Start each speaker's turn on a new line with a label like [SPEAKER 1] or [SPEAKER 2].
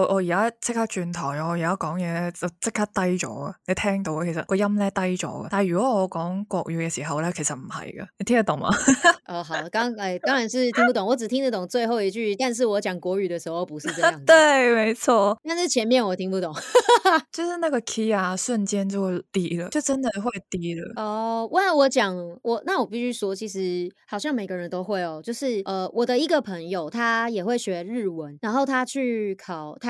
[SPEAKER 1] 我我而家即刻轉台，我而家講嘢咧就即刻低咗啊！你聽到啊？其實個音咧低咗，但係如果我講國語嘅時候咧，其實唔係嘅。你聽得懂嗎？
[SPEAKER 2] 哦、呃，好，剛誒，當、哎、然是聽不懂， 我只聽得懂最後一句。但是我講國語的時候不是這樣的， 對，沒錯，但是前面我聽不懂，
[SPEAKER 1] 就是那個 key 啊，瞬間就會低了，就真的會低了。
[SPEAKER 2] 哦，喂，我講我，那我必須說，其實好像每個人都會哦，就是，呃，我的一個朋友，他也會學日文，然後他去考，他。